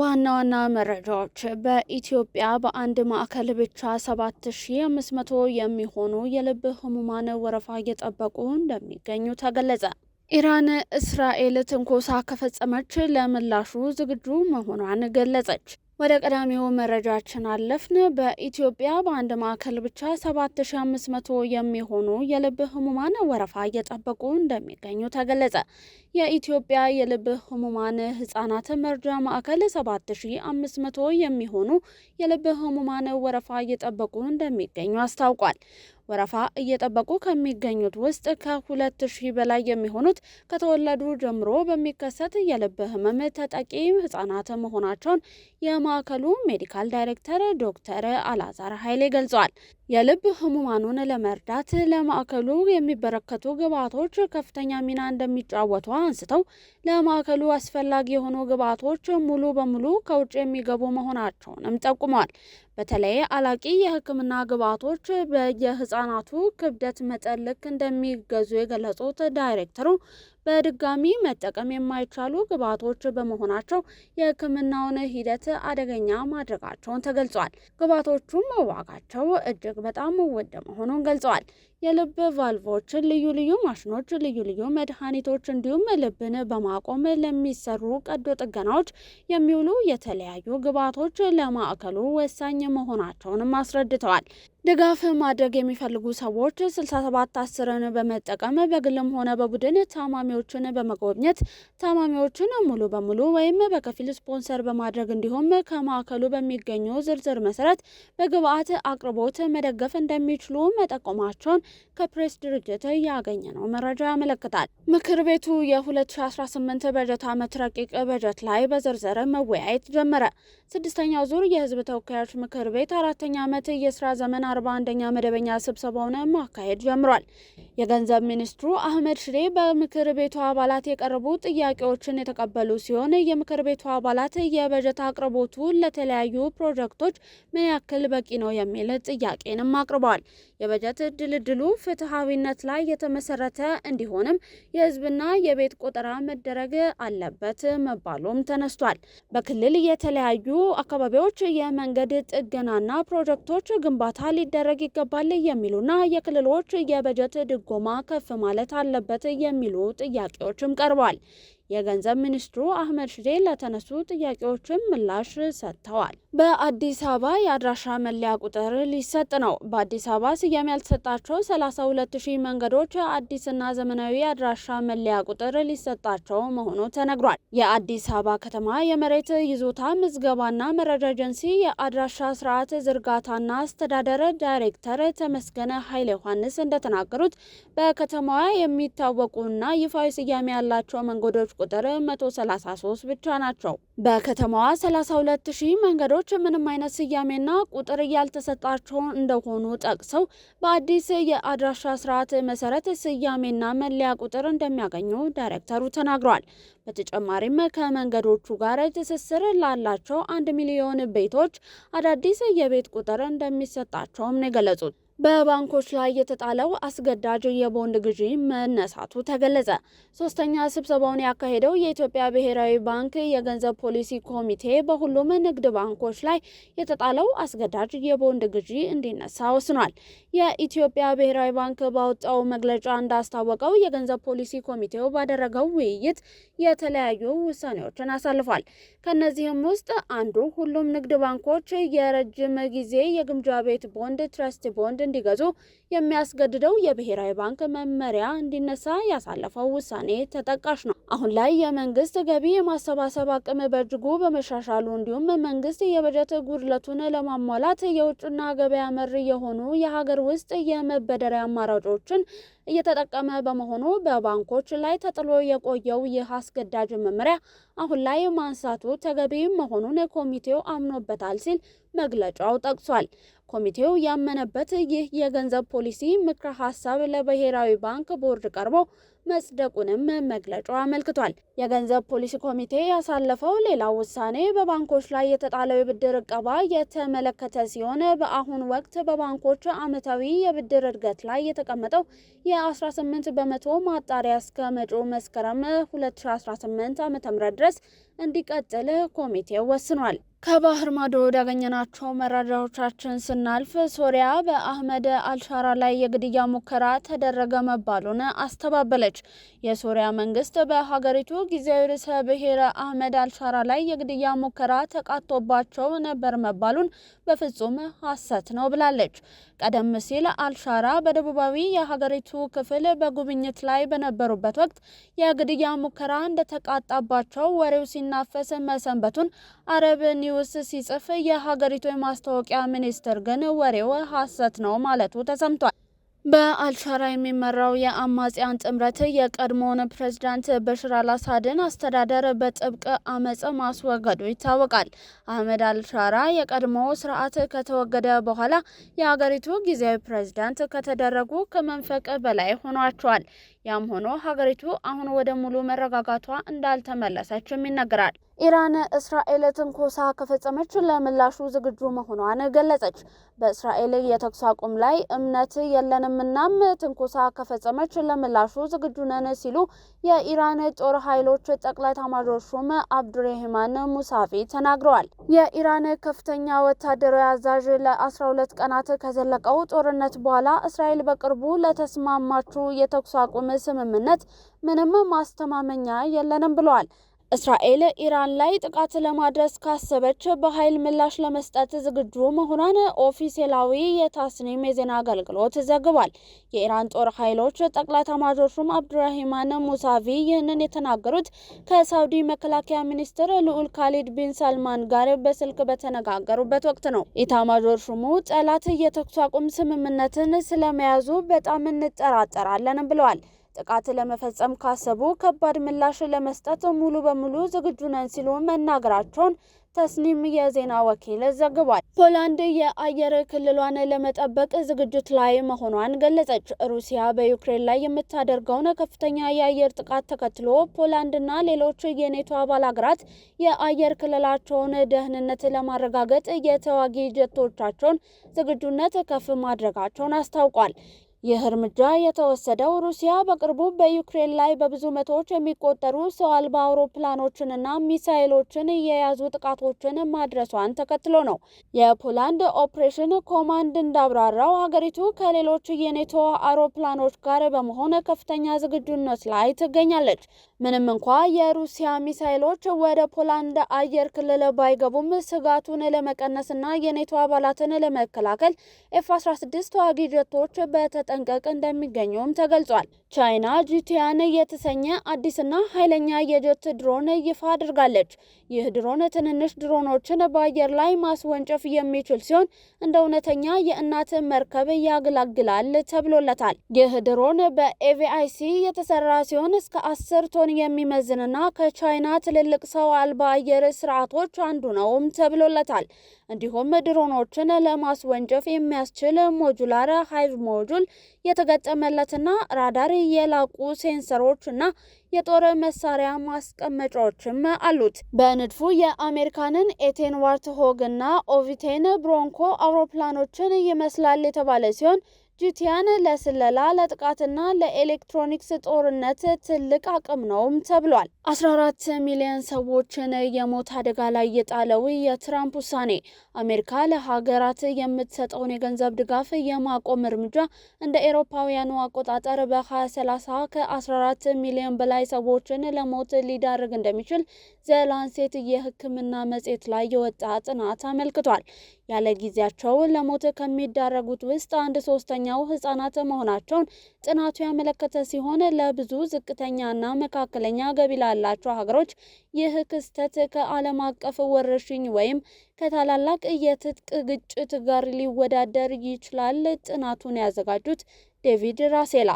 ዋና ዋና መረጃዎች በኢትዮጵያ በአንድ ማዕከል ብቻ 7500 የሚሆኑ የልብ ህሙማን ወረፋ እየጠበቁ እንደሚገኙ ተገለጸ። ኢራን እስራኤል ትንኮሳ ከፈጸመች ለምላሹ ዝግጁ መሆኗን ገለጸች። ወደ ቀዳሚው መረጃችን አለፍን። በኢትዮጵያ በአንድ ማዕከል ብቻ 7500 የሚሆኑ የልብ ህሙማን ወረፋ እየጠበቁ እንደሚገኙ ተገለጸ። የኢትዮጵያ የልብ ህሙማን ህጻናት መርጃ ማዕከል 7500 የሚሆኑ የልብ ህሙማን ወረፋ እየጠበቁ እንደሚገኙ አስታውቋል። ወረፋ እየጠበቁ ከሚገኙት ውስጥ ከሁለት ሺህ በላይ የሚሆኑት ከተወለዱ ጀምሮ በሚከሰት የልብ ህመም ተጠቂ ህጻናት መሆናቸውን የማዕከሉ ሜዲካል ዳይሬክተር ዶክተር አላዛር ኃይሌ ገልጿል። የልብ ህሙማኑን ለመርዳት ለማዕከሉ የሚበረከቱ ግብዓቶች ከፍተኛ ሚና እንደሚጫወቱ አንስተው ለማዕከሉ አስፈላጊ የሆኑ ግብዓቶች ሙሉ በሙሉ ከውጭ የሚገቡ መሆናቸውንም ጠቁመዋል። በተለይ አላቂ የህክምና ግብዓቶች በየህፃናቱ ክብደት መጠን ልክ እንደሚገዙ የገለጹት ዳይሬክተሩ በድጋሚ መጠቀም የማይቻሉ ግብዓቶች በመሆናቸው የሕክምናውን ሂደት አደገኛ ማድረጋቸውን ተገልጿል። ግብዓቶቹም ዋጋቸው እጅግ በጣም ውድ መሆኑን ገልጸዋል። የልብ ቫልቮች፣ ልዩ ልዩ ማሽኖች፣ ልዩ ልዩ መድኃኒቶች እንዲሁም ልብን በማቆም ለሚሰሩ ቀዶ ጥገናዎች የሚውሉ የተለያዩ ግብዓቶች ለማዕከሉ ወሳኝ መሆናቸውንም አስረድተዋል። ድጋፍ ማድረግ የሚፈልጉ ሰዎች 6710ን በመጠቀም በግልም ሆነ በቡድን ታማሚ ታካሚዎችን በመጎብኘት ታማሚዎችን ሙሉ በሙሉ ወይም በከፊል ስፖንሰር በማድረግ እንዲሁም ከማዕከሉ በሚገኙ ዝርዝር መሰረት በግብአት አቅርቦት መደገፍ እንደሚችሉ መጠቆማቸውን ከፕሬስ ድርጅት ያገኘ ነው መረጃ ያመለክታል። ምክር ቤቱ የ2018 በጀት ዓመት ረቂቅ በጀት ላይ በዝርዝር መወያየት ጀመረ። ስድስተኛው ዙር የህዝብ ተወካዮች ምክር ቤት አራተኛ ዓመት የስራ ዘመን አርባ ኛ መደበኛ ስብሰባውን ማካሄድ ጀምሯል። የገንዘብ ሚኒስትሩ አህመድ ሽዴ በምክር ቤቱ አባላት የቀረቡ ጥያቄዎችን የተቀበሉ ሲሆን የምክር ቤቱ አባላት የበጀት አቅርቦቱ ለተለያዩ ፕሮጀክቶች ምን ያክል በቂ ነው የሚል ጥያቄንም አቅርበዋል። የበጀት ድልድሉ ፍትሐዊነት ላይ የተመሰረተ እንዲሆንም የህዝብና የቤት ቆጠራ መደረግ አለበት መባሉም ተነስቷል። በክልል የተለያዩ አካባቢዎች የመንገድ ጥገናና ፕሮጀክቶች ግንባታ ሊደረግ ይገባል የሚሉና የክልሎች የበጀት ድጎማ ከፍ ማለት አለበት የሚሉ ጥያቄዎችም ቀርቧል። የገንዘብ ሚኒስትሩ አህመድ ሽዴ ለተነሱ ጥያቄዎችም ምላሽ ሰጥተዋል። በአዲስ አበባ የአድራሻ መለያ ቁጥር ሊሰጥ ነው። በአዲስ አበባ ስያሜ ያልተሰጣቸው 32 ሺህ መንገዶች አዲስና ዘመናዊ የአድራሻ መለያ ቁጥር ሊሰጣቸው መሆኑ ተነግሯል። የአዲስ አበባ ከተማ የመሬት ይዞታ ምዝገባና መረጃ ኤጀንሲ የአድራሻ ስርዓት ዝርጋታና አስተዳደር ዳይሬክተር ተመስገነ ኃይለ ዮሐንስ እንደተናገሩት በከተማዋ የሚታወቁና ይፋዊ ስያሜ ያላቸው መንገዶች ቁጥር 133 ብቻ ናቸው። በከተማዋ 32 ሺህ መንገዶች ዶላሮች ምንም አይነት ስያሜና ቁጥር ያልተሰጣቸው እንደሆኑ ጠቅሰው በአዲስ የአድራሻ ስርዓት መሰረት ስያሜና መለያ ቁጥር እንደሚያገኙ ዳይሬክተሩ ተናግሯል በተጨማሪም ከመንገዶቹ ጋር ትስስር ላላቸው አንድ ሚሊዮን ቤቶች አዳዲስ የቤት ቁጥር እንደሚሰጣቸውም ነው የገለጹት። በባንኮች ላይ የተጣለው አስገዳጅ የቦንድ ግዢ መነሳቱ ተገለጸ። ሶስተኛ ስብሰባውን ያካሄደው የኢትዮጵያ ብሔራዊ ባንክ የገንዘብ ፖሊሲ ኮሚቴ በሁሉም ንግድ ባንኮች ላይ የተጣለው አስገዳጅ የቦንድ ግዢ እንዲነሳ ወስኗል። የኢትዮጵያ ብሔራዊ ባንክ ባወጣው መግለጫ እንዳስታወቀው የገንዘብ ፖሊሲ ኮሚቴው ባደረገው ውይይት የተለያዩ ውሳኔዎችን አሳልፏል። ከእነዚህም ውስጥ አንዱ ሁሉም ንግድ ባንኮች የረጅም ጊዜ የግምጃ ቤት ቦንድ፣ ትረስት ቦንድ እንዲገዙ የሚያስገድደው የብሔራዊ ባንክ መመሪያ እንዲነሳ ያሳለፈው ውሳኔ ተጠቃሽ ነው። አሁን ላይ የመንግስት ገቢ የማሰባሰብ አቅም በእጅጉ በመሻሻሉ እንዲሁም መንግስት የበጀት ጉድለቱን ለማሟላት የውጭና ገበያ መር የሆኑ የሀገር ውስጥ የመበደሪያ አማራጮችን እየተጠቀመ በመሆኑ በባንኮች ላይ ተጥሎ የቆየው ይህ አስገዳጅ መመሪያ አሁን ላይ ማንሳቱ ተገቢ መሆኑን ኮሚቴው አምኖበታል ሲል መግለጫው ጠቅሷል። ኮሚቴው ያመነበት ይህ የገንዘብ ፖሊሲ ምክረ ሀሳብ ለብሔራዊ ባንክ ቦርድ ቀርቦ መጽደቁንም መግለጫው አመልክቷል። የገንዘብ ፖሊሲ ኮሚቴ ያሳለፈው ሌላው ውሳኔ በባንኮች ላይ የተጣለው የብድር እቀባ የተመለከተ ሲሆን በአሁን ወቅት በባንኮች ዓመታዊ የብድር እድገት ላይ የተቀመጠው የ18 በመቶ ማጣሪያ እስከ መጪው መስከረም 2018 ዓ.ም ድረስ እንዲቀጥል ኮሚቴው ወስኗል። ከባህር ማዶ ወዳገኘናቸው መረጃዎቻችን ስናልፍ ሶሪያ በአህመድ አልሻራ ላይ የግድያ ሙከራ ተደረገ መባሉን አስተባበለች። የሶሪያ መንግስት በሀገሪቱ ጊዜያዊ ርዕሰ ብሔር አህመድ አልሻራ ላይ የግድያ ሙከራ ተቃቶባቸው ነበር መባሉን በፍጹም ሐሰት ነው ብላለች። ቀደም ሲል አልሻራ በደቡባዊ የሀገሪቱ ክፍል በጉብኝት ላይ በነበሩበት ወቅት የግድያ ሙከራ እንደተቃጣባቸው ወሬው ሲ ሲናፈስ መሰንበቱን አረብ ኒውስ ሲጽፍ የሀገሪቱ የማስታወቂያ ሚኒስትር ግን ወሬው ሐሰት ነው ማለቱ ተሰምቷል። በአልሻራ የሚመራው የአማጽያን ጥምረት የቀድሞውን ፕሬዝዳንት በሽር አልአሳድን አስተዳደር በጥብቅ አመፀ ማስወገዱ ይታወቃል። አህመድ አልሻራ የቀድሞ ስርዓት ከተወገደ በኋላ የሀገሪቱ ጊዜያዊ ፕሬዝዳንት ከተደረጉ ከመንፈቅ በላይ ሆኗቸዋል። ያም ሆኖ ሀገሪቱ አሁን ወደ ሙሉ መረጋጋቷ እንዳልተመለሰችም ይነገራል። ኢራን እስራኤል ትንኮሳ ከፈጸመች ለምላሹ ዝግጁ መሆኗን ገለጸች። በእስራኤል የተኩስ አቁም ላይ እምነት የለንም እናም ትንኮሳ ከፈጸመች ለምላሹ ዝግጁ ነን ሲሉ የኢራን ጦር ኃይሎች ጠቅላይ ኤታማዦር ሹም አብዱሬህማን ሙሳፊ ተናግረዋል። የኢራን ከፍተኛ ወታደራዊ አዛዥ ለ12 ቀናት ከዘለቀው ጦርነት በኋላ እስራኤል በቅርቡ ለተስማማችው የተኩስ አቁም ስምምነት ምንም ማስተማመኛ የለንም ብለዋል። እስራኤል ኢራን ላይ ጥቃት ለማድረስ ካሰበች በኃይል ምላሽ ለመስጠት ዝግጁ መሆኗን ኦፊሴላዊ የታስኒም የዜና አገልግሎት ዘግቧል። የኢራን ጦር ኃይሎች ጠቅላይ ኤታማዦር ሹም አብዱራሂማን ሙሳቪ ይህንን የተናገሩት ከሳውዲ መከላከያ ሚኒስትር ልዑል ካሊድ ቢን ሰልማን ጋር በስልክ በተነጋገሩበት ወቅት ነው። ኢታማዦር ሹሙ ጠላት የተኩስ አቁም ስምምነትን ስለመያዙ በጣም እንጠራጠራለን ብለዋል። ጥቃት ለመፈጸም ካሰቡ ከባድ ምላሽ ለመስጠት ሙሉ በሙሉ ዝግጁ ነን ሲሉ መናገራቸውን ተስኒም የዜና ወኪል ዘግቧል። ፖላንድ የአየር ክልሏን ለመጠበቅ ዝግጅት ላይ መሆኗን ገለጸች። ሩሲያ በዩክሬን ላይ የምታደርገውን ከፍተኛ የአየር ጥቃት ተከትሎ ፖላንድና ሌሎች የኔቶ አባል ሀገራት የአየር ክልላቸውን ደህንነት ለማረጋገጥ የተዋጊ ጀቶቻቸውን ዝግጁነት ከፍ ማድረጋቸውን አስታውቋል። ይህ እርምጃ የተወሰደው ሩሲያ በቅርቡ በዩክሬን ላይ በብዙ መቶዎች የሚቆጠሩ ሰው አልባ አውሮፕላኖችንና ሚሳይሎችን የያዙ ጥቃቶችን ማድረሷን ተከትሎ ነው። የፖላንድ ኦፕሬሽን ኮማንድ እንዳብራራው ሀገሪቱ ከሌሎች የኔቶ አውሮፕላኖች ጋር በመሆን ከፍተኛ ዝግጁነት ላይ ትገኛለች። ምንም እንኳ የሩሲያ ሚሳይሎች ወደ ፖላንድ አየር ክልል ባይገቡም ስጋቱን ለመቀነስና የኔቶ አባላትን ለመከላከል ኤፍ 16 ተዋጊ ጀቶች በተ መጠንቀቅ እንደሚገኙም ተገልጿል። ቻይና ጂቲያን የተሰኘ አዲስና ኃይለኛ የጀት ድሮን ይፋ አድርጋለች። ይህ ድሮን ትንንሽ ድሮኖችን በአየር ላይ ማስወንጨፍ የሚችል ሲሆን እንደ እውነተኛ የእናት መርከብ ያገለግላል ተብሎለታል። ይህ ድሮን በኤቪአይሲ የተሰራ ሲሆን እስከ አስር ቶን የሚመዝንና ከቻይና ትልልቅ ሰው አልባ አየር ስርዓቶች አንዱ ነውም ተብሎለታል። እንዲሁም ድሮኖችን ለማስወንጨፍ የሚያስችል ሞጁላር ሃይቭ ሞጁል የተገጠመለትና ራዳር የላቁ ሴንሰሮችና የጦር መሳሪያ ማስቀመጫዎችም አሉት። በንድፉ የአሜሪካንን ኤቴን ዋርትሆግና ኦቪቴን ብሮንኮ አውሮፕላኖችን ይመስላል የተባለ ሲሆን ጅቲያን ለስለላ ለጥቃትና ለኤሌክትሮኒክስ ጦርነት ትልቅ አቅም ነውም ተብሏል። 14 ሚሊዮን ሰዎችን የሞት አደጋ ላይ የጣለው የትራምፕ ውሳኔ አሜሪካ ለሀገራት የምትሰጠውን የገንዘብ ድጋፍ የማቆም እርምጃ እንደ ኤሮፓውያኑ አቆጣጠር በ2030 ከ14 ሚሊዮን በላይ ሰዎችን ለሞት ሊዳርግ እንደሚችል ዘ ላንሴት የሕክምና መጽሔት ላይ የወጣ ጥናት አመልክቷል። ያለ ጊዜያቸውን ለሞት ከሚዳረጉት ውስጥ አንድ ሶስተኛው ህጻናት መሆናቸውን ጥናቱ ያመለከተ ሲሆን ለብዙ ዝቅተኛና መካከለኛ ገቢ ላላቸው ሀገሮች ይህ ክስተት ከዓለም አቀፍ ወረርሽኝ ወይም ከታላላቅ የትጥቅ ግጭት ጋር ሊወዳደር ይችላል። ጥናቱን ያዘጋጁት ዴቪድ ራሴላ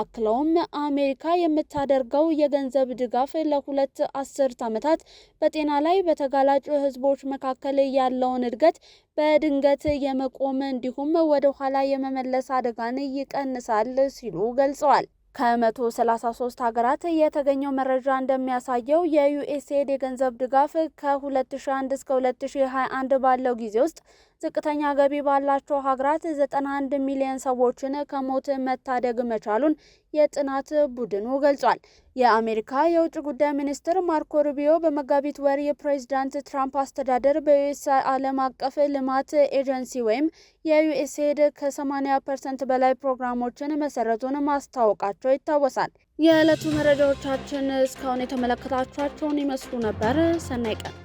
አክለውም አሜሪካ የምታደርገው የገንዘብ ድጋፍ ለሁለት አስርት ዓመታት በጤና ላይ በተጋላጭ ሕዝቦች መካከል ያለውን እድገት በድንገት የመቆም እንዲሁም ወደ ኋላ የመመለስ አደጋን ይቀንሳል ሲሉ ገልጸዋል። ከ133 ሀገራት የተገኘው መረጃ እንደሚያሳየው የዩኤስኤድ የገንዘብ ድጋፍ ከ2001 እስከ 2021 ባለው ጊዜ ውስጥ ዝቅተኛ ገቢ ባላቸው ሀገራት 91 ሚሊዮን ሰዎችን ከሞት መታደግ መቻሉን የጥናት ቡድኑ ገልጿል። የአሜሪካ የውጭ ጉዳይ ሚኒስትር ማርኮ ሩቢዮ በመጋቢት ወር የፕሬዚዳንት ትራምፕ አስተዳደር በዩኤስ ዓለም አቀፍ ልማት ኤጀንሲ ወይም የዩኤስኤድ ከ80 ፐርሰንት በላይ ፕሮግራሞችን መሰረቱን ማስታወቃቸው ይታወሳል። የዕለቱ መረጃዎቻችን እስካሁን የተመለከታችኋቸውን ይመስሉ ነበር። ሰናይ ቀን